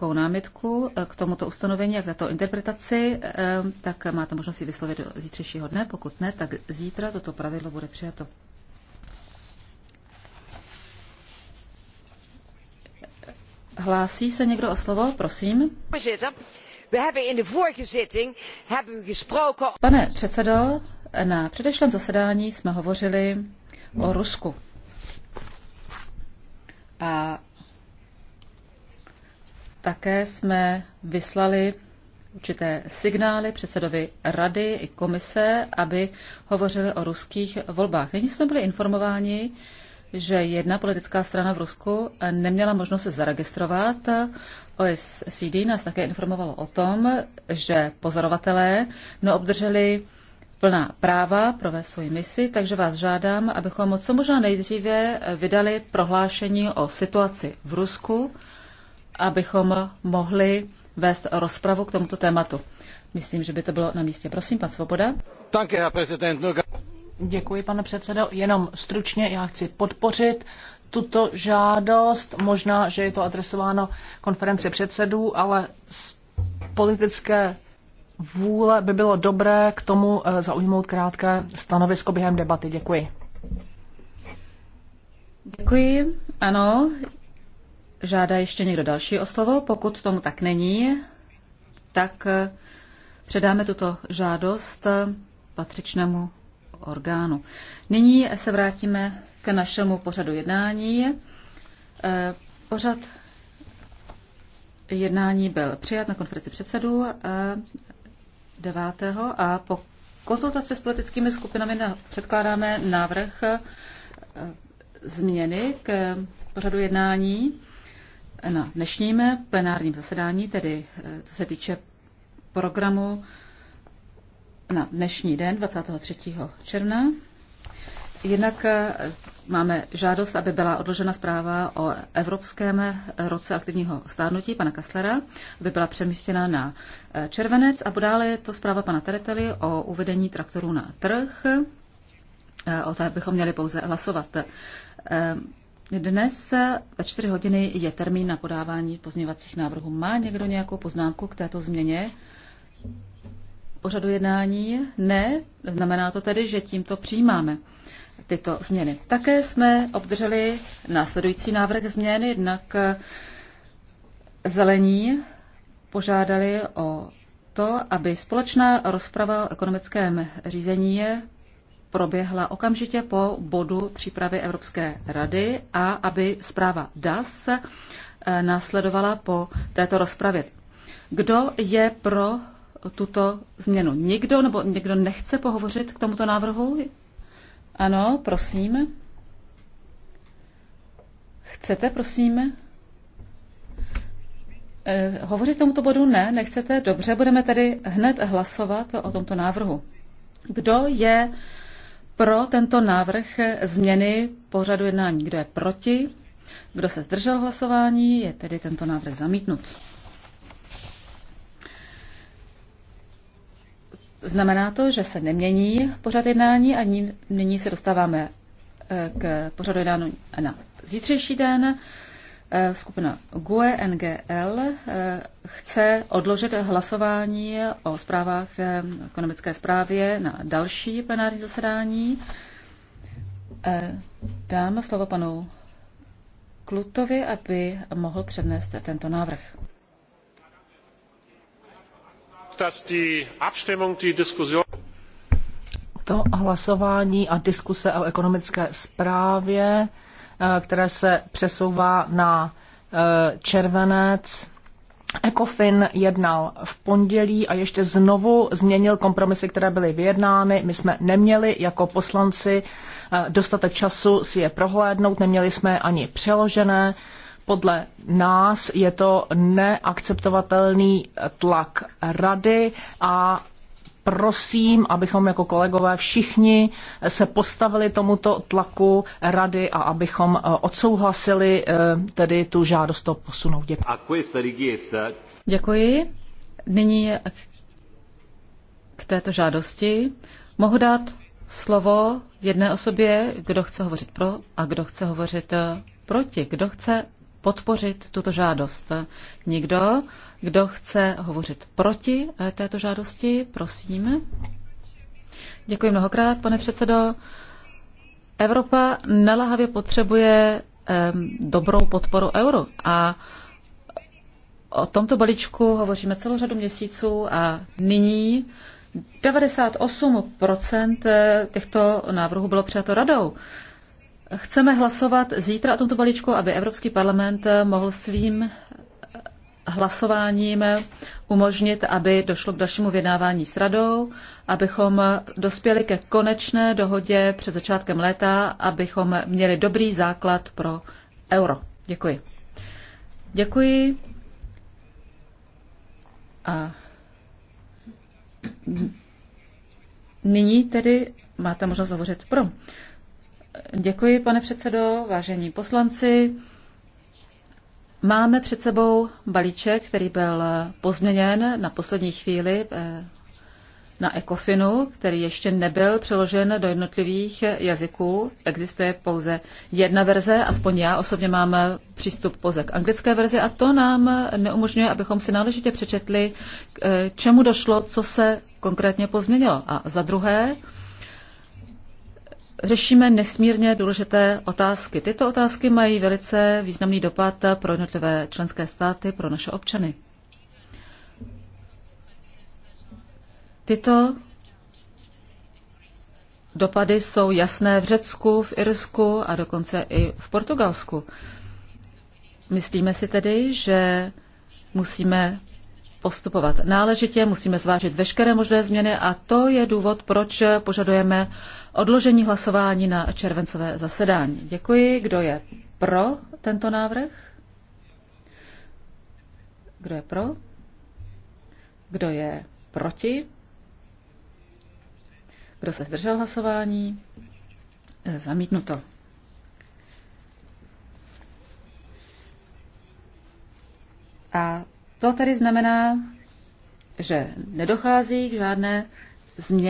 nějakou námitku eh, k tomuto ustanovení a k této interpretaci, eh, tak máte možnost si vyslovit do zítřejšího dne. Pokud ne, tak zítra toto pravidlo bude přijato. Hlásí se někdo o slovo? Prosím. Pane předsedo, na předešlém zasedání jsme hovořili o Rusku. A také jsme vyslali určité signály předsedovi rady i komise, aby hovořili o ruských volbách. Nyní jsme byli informováni, že jedna politická strana v Rusku neměla možnost se zaregistrovat. OSCD nás také informovalo o tom, že pozorovatelé neobdrželi plná práva provést svoji misi, takže vás žádám, abychom co možná nejdříve vydali prohlášení o situaci v Rusku abychom mohli vést rozpravu k tomuto tématu. Myslím, že by to bylo na místě. Prosím, pan Svoboda. Děkuji, pane předsedo. Jenom stručně, já chci podpořit tuto žádost. Možná, že je to adresováno konferenci předsedů, ale z politické vůle by bylo dobré k tomu eh, zaujmout krátké stanovisko během debaty. Děkuji. Děkuji. Ano, Žádá ještě někdo další o slovo? Pokud tomu tak není, tak eh, předáme tuto žádost eh, patřičnému orgánu. Nyní se vrátíme k našemu pořadu jednání. Eh, pořad jednání byl přijat na konferenci předsedů 9. a po konzultaci s politickými skupinami předkládáme návrh změny k pořadu jednání na dnešním plenárním zasedání, tedy eh, co se týče programu na dnešní den 23. června. Jednak eh, máme žádost, aby byla odložena zpráva o Evropském roce aktivního stárnutí pana Kaslera, aby byla přemístěna na eh, červenec a podále je to zpráva pana Tereteli o uvedení traktorů na trh. O té bychom měli pouze hlasovat. Dnes ve čtyři hodiny je termín na podávání pozměňovacích návrhů. Má někdo nějakou poznámku k této změně? Pořadu jednání? Ne. Znamená to tedy, že tímto přijímáme tyto změny. Také jsme obdrželi následující návrh změny, jednak zelení požádali o to, aby společná rozprava o ekonomickém řízení proběhla okamžitě po bodu přípravy Evropské rady a aby zpráva DAS eh, následovala po této rozpravě. Kdo je pro tuto změnu? Nikdo nebo někdo nechce pohovořit k tomuto návrhu? Ano, prosím. Chcete, prosím? Eh, hovořit tomuto bodu ne, nechcete? Dobře, budeme tedy hned hlasovat o tomto návrhu. Kdo je pro tento návrh změny pořadu jednání? Kdo je proti? Kdo se zdržel hlasování? Je tedy tento návrh zamítnut. Znamená to, že se nemění pořad jednání a nyní se dostáváme eh, k pořadu jednání na zítřejší den. Eh, skupina GUE NGL eh, chce odložit hlasování o zprávách eh, ekonomické zprávě na další plenární zasedání. Dám slovo panu Klutovi, aby mohl přednést tento návrh. To hlasování a diskuse o ekonomické zprávě Eh, které se přesouvá na eh, červenec. Ecofin jednal v pondělí a ještě znovu změnil kompromisy, které byly vyjednány. My jsme neměli jako poslanci eh, dostatek času si je prohlédnout, neměli jsme ani přeložené. Podle nás je to neakceptovatelný tlak rady a prosím, abychom jako kolegové všichni se postavili tomuto tlaku rady a abychom eh, odsouhlasili eh, tedy tu žádost to posunout. Děkuji. Děkuji. Nyní k této žádosti mohu dát slovo jedné osobě, kdo chce hovořit pro a kdo chce hovořit eh, proti, kdo chce podpořit tuto žádost. Někdo, kdo chce hovořit proti eh, této žádosti, prosím. Děkuji mnohokrát, pane předsedo. Evropa nelahavě potřebuje dobrou podporu euro a o tomto balíčku hovoříme celou řadu měsíců a nyní 98% eh, těchto návrhů bylo přijato radou. Chceme hlasovat zítra o tomto balíčku, aby Evropský parlament mohl svým hlasováním umožnit, aby došlo k dalšímu vyjednávání s radou, abychom dospěli ke konečné dohodě před začátkem léta, abychom měli dobrý základ pro euro. Děkuji. Děkuji. A nyní tedy máte možnost hovořit pro. Děkuji, pane předsedo, vážení poslanci. Máme před sebou balíček, který byl pozměněn na poslední chvíli eh, na ECOFINu, který ještě nebyl přeložen do jednotlivých jazyků. Existuje pouze jedna verze, aspoň já osobně mám přístup pouze k anglické verzi a to nám neumožňuje, abychom si náležitě přečetli, eh, čemu došlo, co se konkrétně pozměnilo. A za druhé, řešíme nesmírně důležité otázky. Tyto otázky mají velice významný dopad pro jednotlivé členské státy, pro naše občany. Tyto dopady jsou jasné v Řecku, v Irsku a dokonce i v Portugalsku. Myslíme si tedy, že musíme postupovat náležitě, musíme zvážit veškeré možné změny a to je důvod, proč požadujeme odložení hlasování na červencové zasedání. Děkuji. Kdo je pro tento návrh? Kdo je pro? Kdo je proti? Kdo se zdržel hlasování? E, zamítnuto. A to tedy znamená, že nedochází k žádné změně